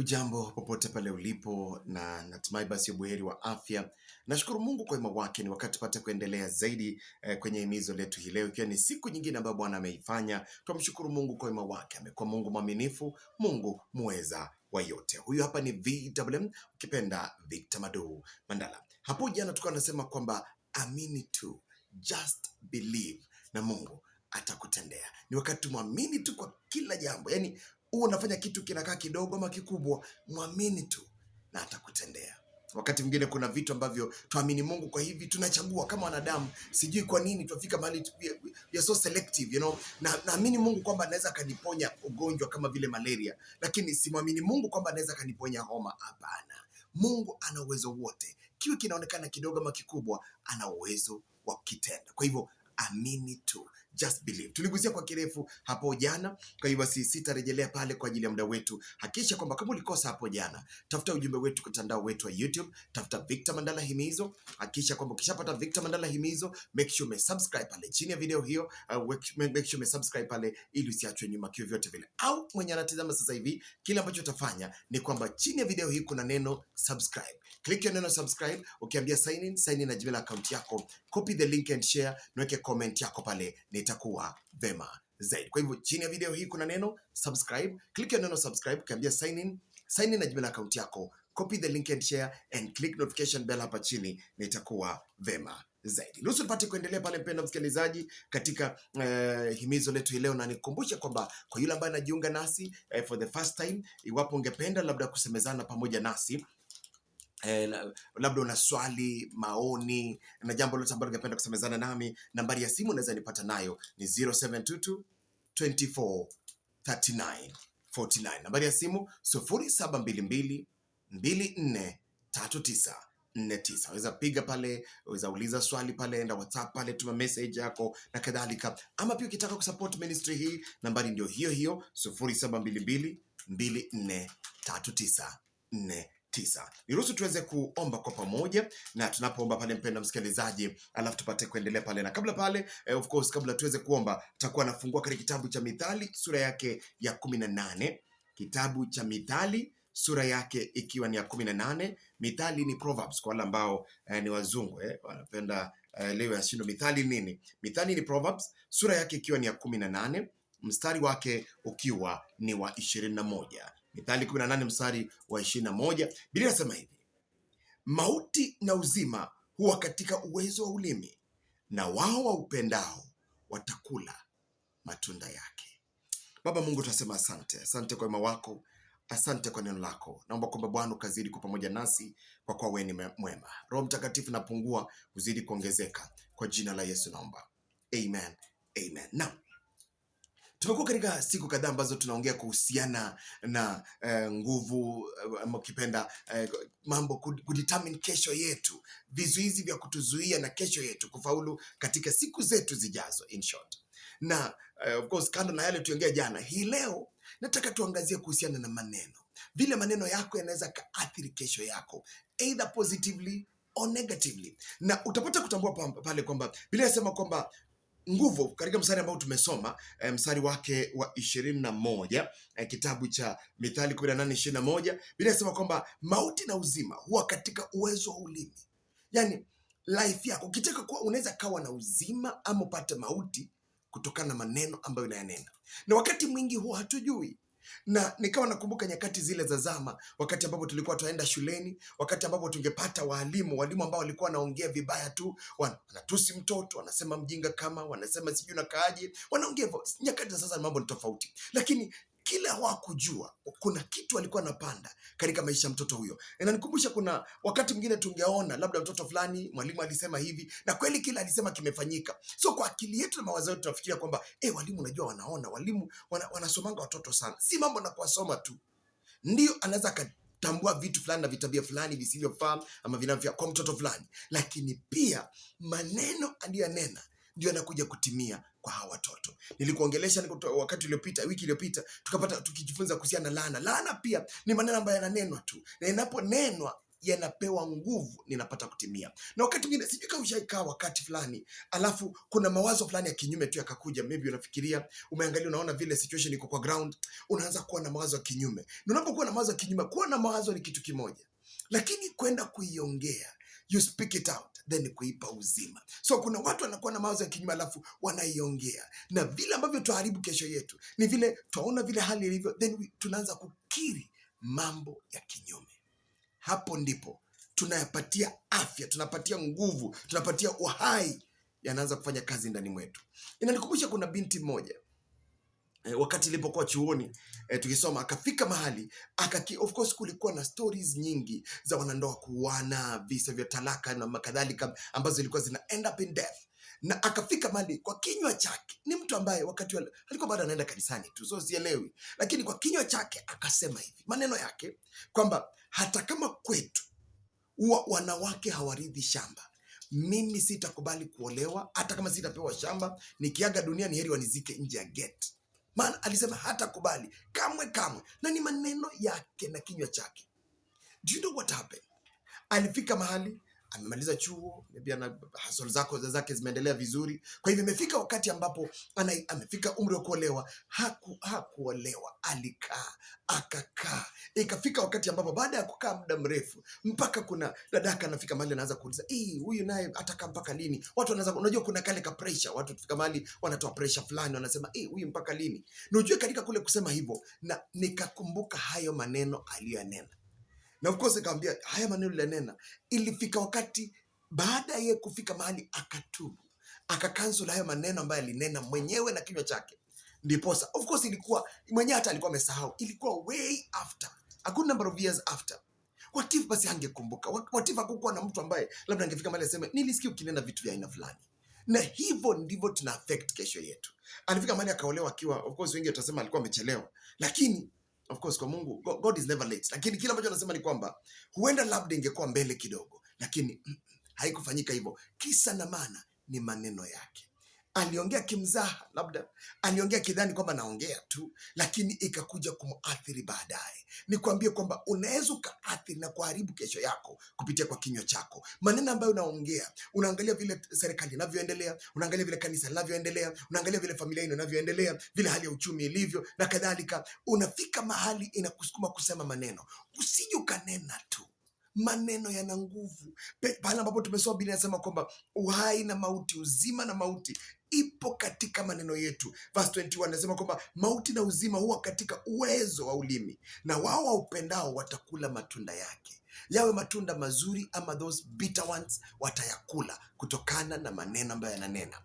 Hujambo popote pale ulipo, na natumai basi ubuheri wa afya. Nashukuru Mungu kwa wema wake, ni wakati pata kuendelea zaidi eh, kwenye himizo letu hii leo, ikiwa ni siku nyingine ambayo Bwana ameifanya. Twamshukuru Mungu kwa wema wake, amekuwa Mungu mwaminifu, Mungu muweza wa yote. Huyu hapa ni VMM, ukipenda Victor Madu Mandala. Hapo jana tukawa nasema kwamba amini tu, just believe, na Mungu atakutendea. Ni wakati tumwamini tu kwa kila jambo, yani huwa unafanya kitu kinakaa kidogo ama kikubwa, mwamini tu na atakutendea. Wakati mwingine kuna vitu ambavyo tuamini Mungu, kwa hivi tunachagua kama wanadamu. Sijui kwa nini tuafika mahali you're so selective, you know. Na naamini Mungu kwamba anaweza akaniponya ugonjwa kama vile malaria, lakini simwamini Mungu kwamba anaweza akaniponya homa. Hapana, Mungu ana uwezo wote, kiwe kinaonekana kidogo ama kikubwa, ana uwezo wa kukitenda. Kwa hivyo amini tu. Just Believe. Tuligusia kwa kirefu hapo jana, kwa hivyo si sitarejelea pale kwa ajili ya muda wetu. Hakikisha kwamba kama ulikosa hapo jana, tafuta ujumbe wetu kwa mtandao wetu wa YouTube, tafuta Victor Mandala Himizo. Hakikisha kwamba ukishapata Victor Mandala Himizo, make sure umesubscribe pale chini ya video hiyo, uh, make sure umesubscribe pale ili usiachwe nyuma kio vyote vile. Au mwenye anatazama sasa hivi, kila ambacho utafanya ni kwamba chini ya video hii kuna neno subscribe. Click hiyo neno subscribe, ukiambia sign in, sign in na Gmail account yako, copy the link and share, niweke comment yako pale. Ni itakuwa vema zaidi. Kwa hivyo chini ya video hii kuna neno subscribe, click ya neno subscribe, kiambia sign in, sign in na jina la akaunti yako, copy the link and share and click notification bell hapa chini, na itakuwa vema zaidi. Ruhusu tupate kuendelea pale, mpendwa msikilizaji, katika uh, himizo letu leo, na nikukumbushe kwamba kwa yule ambaye anajiunga nasi uh, for the first time, iwapo ungependa labda kusemezana pamoja nasi Eh, labda una swali, maoni na jambo lolote ambalo ungependa kusemezana nami, nambari ya simu unaweza nipata nayo ni 0722 24 39 49. Nambari ya simu 0722 24 39 49. Waweza piga pale, weza uliza swali pale, enda WhatsApp pale, tuma message yako na kadhalika, ama pia ukitaka kusupport ministry hii, nambari ndio hiyo hiyo 0722 24 39 49 tisa. Niruhusu tuweze kuomba kwa pamoja, na tunapoomba pale, mpenda msikilizaji, alafu tupate kuendelea pale, na kabla pale, eh, of course, kabla tuweze kuomba, tutakuwa nafungua katika kitabu cha Mithali sura yake ya kumi na nane kitabu cha Mithali sura yake ikiwa ni ya kumi na nane. Mithali ni proverbs kwa wale ambao eh, ni wazungu eh, wanapenda eh, leo shindo. mithali nini? Mithali ni proverbs sura yake ikiwa ni ya kumi na nane mstari wake ukiwa ni wa ishirini na moja. Mithali 18 mstari wa 21, Biblia inasema hivi, mauti na uzima huwa katika uwezo wa ulimi na wao waupendao watakula matunda yake. Baba Mungu, tunasema asante, asante kwa wema wako, asante kwa neno lako. Naomba kwamba Bwana ukazidi kwa pamoja nasi, kwa kuwa wewe ni mwema. Roho Mtakatifu napungua, uzidi kuongezeka, kwa jina la Yesu naomba, amen, amen. Naam. Tumekuwa katika siku kadhaa ambazo tunaongea kuhusiana na eh, nguvu eh, ukipenda eh, mambo kudetermine kesho yetu, vizuizi vya kutuzuia na kesho yetu kufaulu katika siku zetu zijazo in short. Na eh, of course kando na yale tuongea jana, hii leo nataka tuangazie kuhusiana na maneno, vile maneno yako yanaweza kaathiri kesho yako either positively or negatively, na utapata kutambua pale kwamba bila yasema kwamba nguvu katika mstari ambao tumesoma eh, mstari wake wa ishirini na moja eh, kitabu cha Mithali kumi na nane ishirini na moja Biblia inasema kwamba mauti na uzima huwa katika uwezo wa ulimi. Yani life yako ukitaka kuwa unaweza kawa na uzima ama upate mauti kutokana na maneno ambayo unayanena, na wakati mwingi huwa hatujui na nikawa nakumbuka nyakati zile za zama, wakati ambapo tulikuwa tunaenda shuleni, wakati ambapo tungepata waalimu, walimu ambao walikuwa wanaongea vibaya tu, wanatusi mtoto, wanasema mjinga kama, wanasema sijui nakaaje, wanaongea hivyo. Nyakati za sasa mambo ni tofauti, lakini kila hawakujua kuna kitu alikuwa anapanda katika maisha ya mtoto huyo. Inanikumbusha kuna wakati mwingine tungeona labda mtoto fulani mwalimu alisema hivi, na kweli kila alisema kimefanyika. So kwa akili yetu na mawazo yetu tunafikiria kwamba eh, walimu unajua, wanaona walimu wana, wanasomanga watoto sana. Si mambo na kuwasoma tu ndio anaweza akatambua vitu fulani na vitabia fulani visivyofaa ama vinavyo kwa mtoto fulani, lakini pia maneno aliyonena ndio anakuja kutimia kwa hawa watoto. Nilikuongelesha wakati uliopita, wiki iliyopita, tukapata tukijifunza kuhusiana na laana. Laana pia ni maneno ambayo yananenwa tu, na inaponenwa yanapewa nguvu, ninapata kutimia. Na wakati mwingine sijui kama ushaikaa wakati fulani, alafu kuna mawazo fulani ya kinyume tu yakakuja, maybe unafikiria, umeangalia, unaona vile situation iko kwa ground, unaanza kuwa na mawazo ya kinyume. Na unapokuwa na mawazo ya kinyume, kuwa na mawazo ni kitu kimoja, lakini kwenda kuiongea you speak it out then kuipa uzima. So kuna watu wanakuwa na mawazo ya kinyume alafu wanaiongea, na vile ambavyo twaharibu kesho yetu ni vile twaona vile hali ilivyo, then tunaanza kukiri mambo ya kinyume. Hapo ndipo tunayapatia afya, tunapatia nguvu, tunapatia uhai, yanaanza kufanya kazi ndani mwetu. Inanikumbusha kuna binti moja eh, wakati ilipokuwa chuoni eh, tukisoma akafika mahali akaki, of course kulikuwa na stories nyingi za wanandoa kuana visa vya talaka na makadhalika ambazo zilikuwa zina end up in death na akafika mahali kwa kinywa chake, ni mtu ambaye wakati wa, alikuwa bado anaenda kanisani tu, so sielewi, lakini kwa kinywa chake akasema hivi maneno yake kwamba hata kama kwetu wa, wanawake hawaridhi shamba, mimi sitakubali kuolewa hata kama sitapewa shamba. Nikiaga dunia ni heri wanizike nje ya gate maana alisema hata kubali kamwe kamwe, na ni maneno yake na kinywa chake. Do you know what happened? Alifika mahali amemaliza chuo, maybe ana hasol zako zake zimeendelea vizuri. Kwa hivyo imefika wakati ambapo ana, amefika umri wa kuolewa. haku Hakuolewa, alikaa akakaa, ikafika wakati ambapo baada ya kukaa muda mrefu, mpaka kuna dadaka anafika mahali anaanza kuuliza eh, huyu naye atakaa mpaka lini? Watu wanaanza, unajua kuna kale ka pressure, watu tufika mahali wanatoa pressure fulani, wanasema eh, huyu mpaka lini? Na ujue katika kule kusema hivyo, na nikakumbuka hayo maneno aliyanena na of course akamwambia haya maneno linena. Ilifika wakati baada ya kufika mahali akatubu, akakansel haya maneno ambayo alinena mwenyewe na kinywa chake. Ndiposa of course ilikuwa mwenyewe hata alikuwa amesahau, ilikuwa way after a good number of years after. What if basi angekumbuka? What if hakukuwa na mtu ambaye labda angefika mahali aseme nilisikia ukinena vitu vya aina fulani na hivyo ndivyo tuna affect kesho yetu. Alifika mahali akaolewa akiwa, of course wengi watasema alikuwa amechelewa, lakini of course kwa Mungu God, is never late, lakini kile ambacho anasema ni kwamba huenda labda ingekuwa mbele kidogo, lakini mm, mm, haikufanyika hivyo. Kisa na maana ni maneno yake aliongea kimzaha, labda aliongea kidhani kwamba naongea tu, lakini ikakuja kumathiri baadaye. Nikwambie kwamba unaweza ukaathiri na kuharibu kesho yako kupitia kwa kinywa chako, maneno ambayo unaongea. Unaangalia vile serikali inavyoendelea, unaangalia vile kanisa linavyoendelea, unaangalia vile familia ino inavyoendelea, vile hali ya uchumi ilivyo na kadhalika. Unafika mahali inakusukuma kusema maneno, usije ukanena tu Maneno yana nguvu. Pale ambapo tumesoma Biblia inasema kwamba uhai na mauti, uzima na mauti ipo katika maneno yetu. Verse 21 anasema kwamba mauti na uzima huwa katika uwezo wa ulimi, na wao waupendao watakula matunda yake, yawe matunda mazuri ama those bitter ones, watayakula kutokana na maneno ambayo yananena.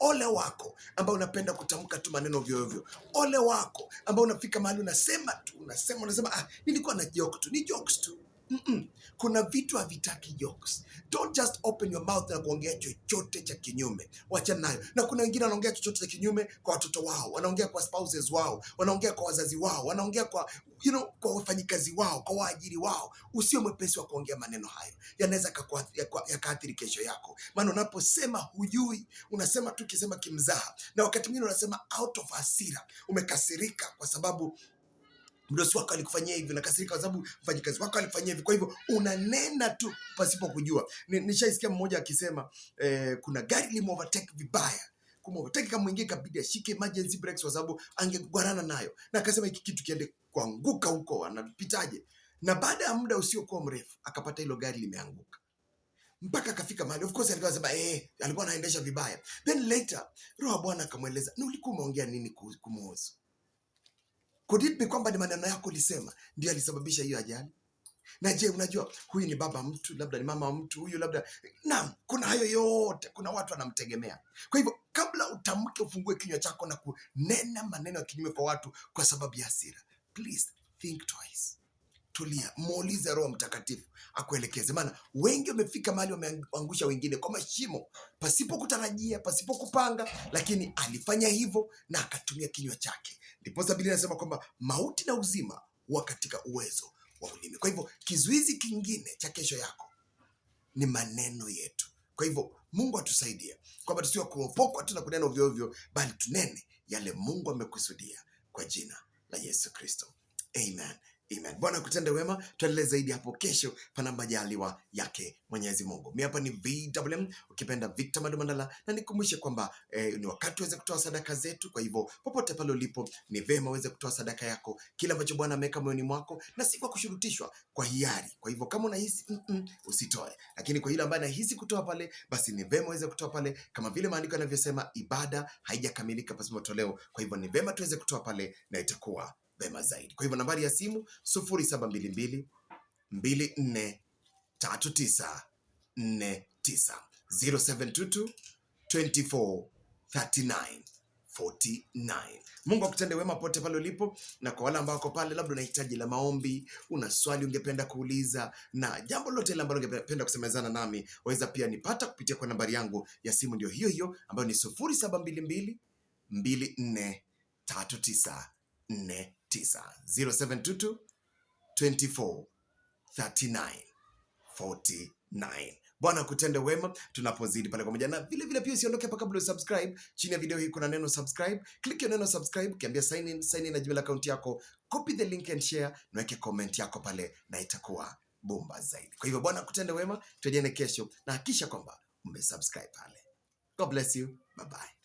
Ole wako ambao unapenda kutamka tu maneno vyovyo. Ole wako ambao unafika mahali unasema tu, unasema unasema, ah, nilikuwa na joke tu, ni jokes tu mm -mm. Kuna vitu havitaki jokes. Don't just open your mouth na kuongea chochote cha kinyume, wacha nayo. Na kuna wengine wanaongea chochote cha kinyume kwa watoto wao, wanaongea kwa spouses wao, wanaongea kwa wazazi wao, wanaongea kwa you know, kwa wafanyikazi wao, kwa waajiri wao. Usio mwepesi wa kuongea maneno hayo, yanaweza yakaathiri kesho yako, maana unaposema hujui, unasema tu kisema kimzaha, na wakati mwingine unasema out of hasira, umekasirika kwa sababu mdosi wako alikufanyia hivi, nakasirika kwa sababu mfanyikazi wako alifanyia hivi. Kwa hivyo unanena tu pasipo kujua. Nishaisikia mmoja akisema eh, kuna gari limeovertake vibaya kumovertake kama mwingine kabidi ashike emergency brakes kwa sababu angegwarana nayo, na akasema hiki kitu kiende kuanguka huko, anapitaje? Na baada ya muda usiokuwa mrefu akapata hilo gari limeanguka mpaka akafika mahali. Of course alikuwa anasema eh, alikuwa anaendesha vibaya. Then later roho Bwana akamweleza, na ulikuwa umeongea nini kumuhusu? Could it be kwamba ni maneno yako ulisema ndio alisababisha hiyo ajali? Na je, unajua huyu ni baba mtu, labda ni mama mtu, huyu labda naam, kuna hayo yote, kuna watu wanamtegemea. Kwa hivyo kabla utamke, ufungue kinywa chako na kunena maneno ya kinyume kwa watu kwa sababu ya hasira, please think twice. Tulia, muulize Roho Mtakatifu akuelekeze, maana wengi wamefika mahali wameangusha wengine kwa mashimo pasipo kutarajia, pasipo kupanga, lakini alifanya hivyo na akatumia kinywa chake Ndiposa Biblia inasema kwamba mauti na uzima huwa katika uwezo wa ulimi. Kwa hivyo kizuizi kingine cha kesho yako ni maneno yetu. Kwa hivyo Mungu atusaidie kwamba tusiwe kuopokwa tu na kunena ovyo ovyo, bali tunene yale Mungu amekusudia kwa jina la Yesu Kristo, amen. Amen. Bwana kutende wema, tuendelee zaidi hapo kesho, pana majaliwa yake Mwenyezi Mungu. Mi hapa ni VMM, ukipenda Victor Madumandala, na nikumbushe kwamba eh, ni wakati uweze kutoa sadaka zetu. Kwa hivyo popote pale ulipo, ni vema uweze kutoa sadaka yako, kile ambacho Bwana ameweka moyoni mwako, na si kwa kushurutishwa, kwa hiari. Kwa hivyo kama unahisi mm -mm, usitoe, lakini kwa yule ambaye anahisi kutoa pale, basi ni vema uweze kutoa pale, kama vile maandiko yanavyosema, ibada haijakamilika pasipo toleo. Kwa hivyo ni vema tuweze kutoa pale na itakuwa mapema zaidi. Kwa hivyo nambari ya simu 0722 24 39 Mungu akutende wema pote pale ulipo, na kwa wale ambao wako pale, labda unahitaji la maombi, una swali ungependa kuuliza, na jambo lote ile ambalo ungependa kusemezana nami, waweza pia nipata kupitia kwa nambari yangu ya simu, ndio hiyo hiyo ambayo ni 0722 24 39 49 tisa 0722 24 39 49. Bwana kutende wema tunapozidi pale pamoja, na vile vile pia usiondoke hapa kabla usubscribe. Chini ya video hii kuna neno subscribe, click hiyo neno subscribe, kiambia sign in, sign in na Gmail account yako, copy the link and share, naweke comment yako pale na itakuwa bomba zaidi. Kwa hivyo Bwana kutende wema, tujene kesho na hakisha kwamba umesubscribe pale. God bless you, bye bye.